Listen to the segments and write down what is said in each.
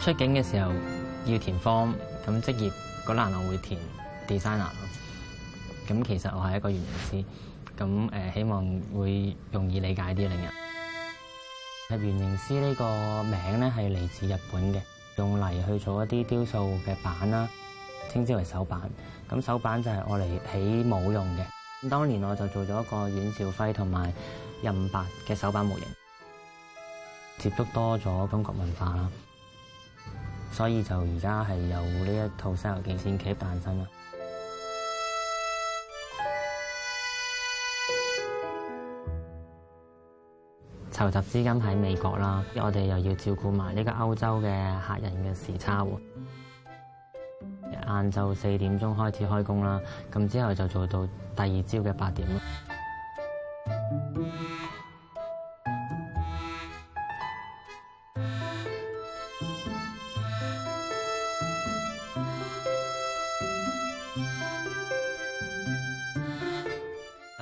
出境嘅時候要填 form，咁職業嗰欄我會填 designer 咯。咁其實我係一個原型師，咁誒、呃、希望會容易理解啲令人。其實原型師呢個名咧係嚟自日本嘅，用嚟去做一啲雕塑嘅板啦，稱之為手板。咁手板就係我嚟起模用嘅。咁當年我就做咗一個阮兆輝同埋任白嘅手板模型。接觸多咗中國文化啦。所以就而家係由呢一套三十幾線劇辦身啦。籌集資金喺美國啦，我哋又要照顧埋呢個歐洲嘅客人嘅時差喎。晏晝四點鐘開始開工啦，咁之後就做到第二朝嘅八點啦。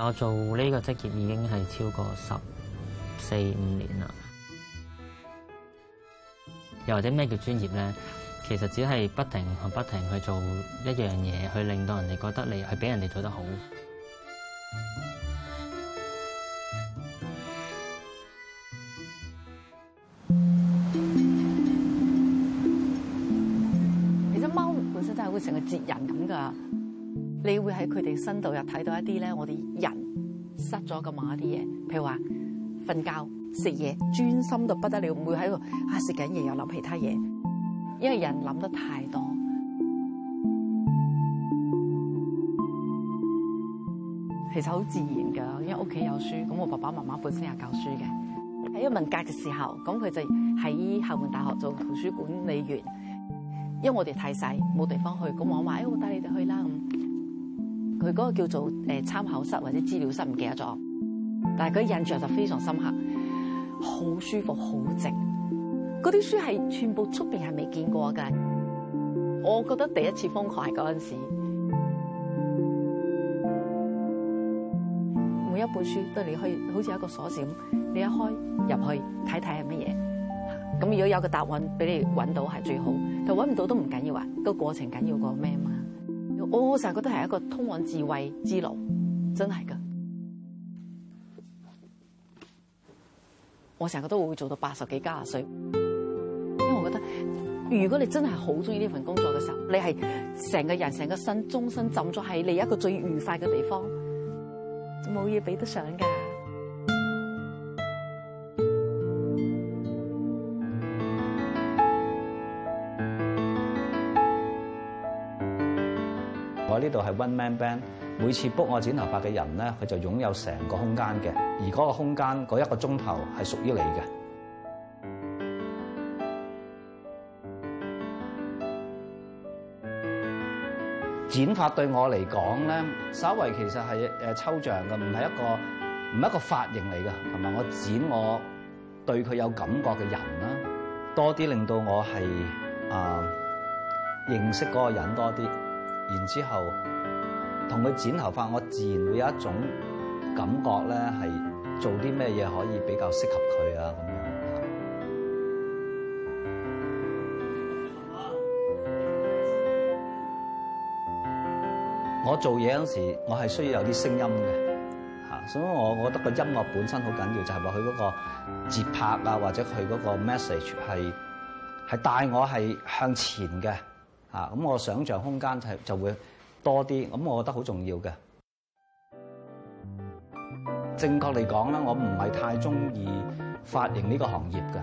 我做呢個職業已經係超過十四五年啦，又或者咩叫專業咧？其實只係不停去，不停去做一樣嘢，去令到人哋覺得你係畀人哋做得好。其實貓本身真係會成個哲人咁㗎。你會喺佢哋身度又睇到一啲咧，我哋人失咗嘅某一啲嘢，譬如話瞓覺、食嘢、專心到不得了，唔會喺度啊食緊嘢又諗其他嘢，因為人諗得太多。其實好自然噶，因為屋企有書，咁我爸爸媽媽本身係教書嘅。喺一個文革嘅時候，咁佢就喺廈門大學做圖書管理員。因為我哋太細，冇地方去，咁我話誒、哎，我帶你哋去啦咁。佢個叫做誒參考室或者資料室，唔記得咗。但係佢印象就非常深刻，好舒服，好靜。啲書係全部出邊係未見過㗎。我覺得第一次翻開嗰陣時，每一本書都係你可以好似一個鎖匙咁，你一開入去睇睇係乜嘢。咁如果有個答案俾你揾到係最好，但揾唔到都唔緊要啊。個過程緊要過咩嘛？我成日覺得係一個通往智慧之路，真係噶。我成日都會做到八十幾、九十歲，因為我覺得如果你真係好中意呢份工作嘅時候，你係成個人、成個身，終身浸咗喺你一個最愉快嘅地方，冇嘢比得上噶。我呢度係 One Man Band，每次 book 我剪頭髮嘅人咧，佢就擁有成個空間嘅，而嗰個空間嗰一個鐘頭係屬於你嘅。剪髮對我嚟講咧，稍為其實係誒抽象嘅，唔係一個唔係一個髮型嚟嘅，同埋我剪我對佢有感覺嘅人啦，多啲令到我係啊認識嗰個人多啲。然之後，同佢剪頭髮，我自然會有一種感覺咧，係做啲咩嘢可以比較適合佢啊咁樣。啊、我做嘢嗰陣時候，我係需要有啲聲音嘅，嚇，所以我覺得個音樂本身好緊要，就係話佢嗰個節拍啊，或者佢嗰個 message 係係帶我係向前嘅。啊！咁我想像空間就就會多啲，咁我覺得好重要嘅。正確嚟講咧，我唔係太鍾意髮型呢個行業嘅。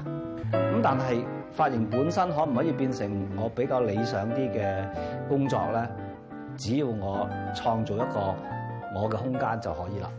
咁但係髮型本身可唔可以變成我比較理想啲嘅工作咧？只要我創造一個我嘅空間就可以啦。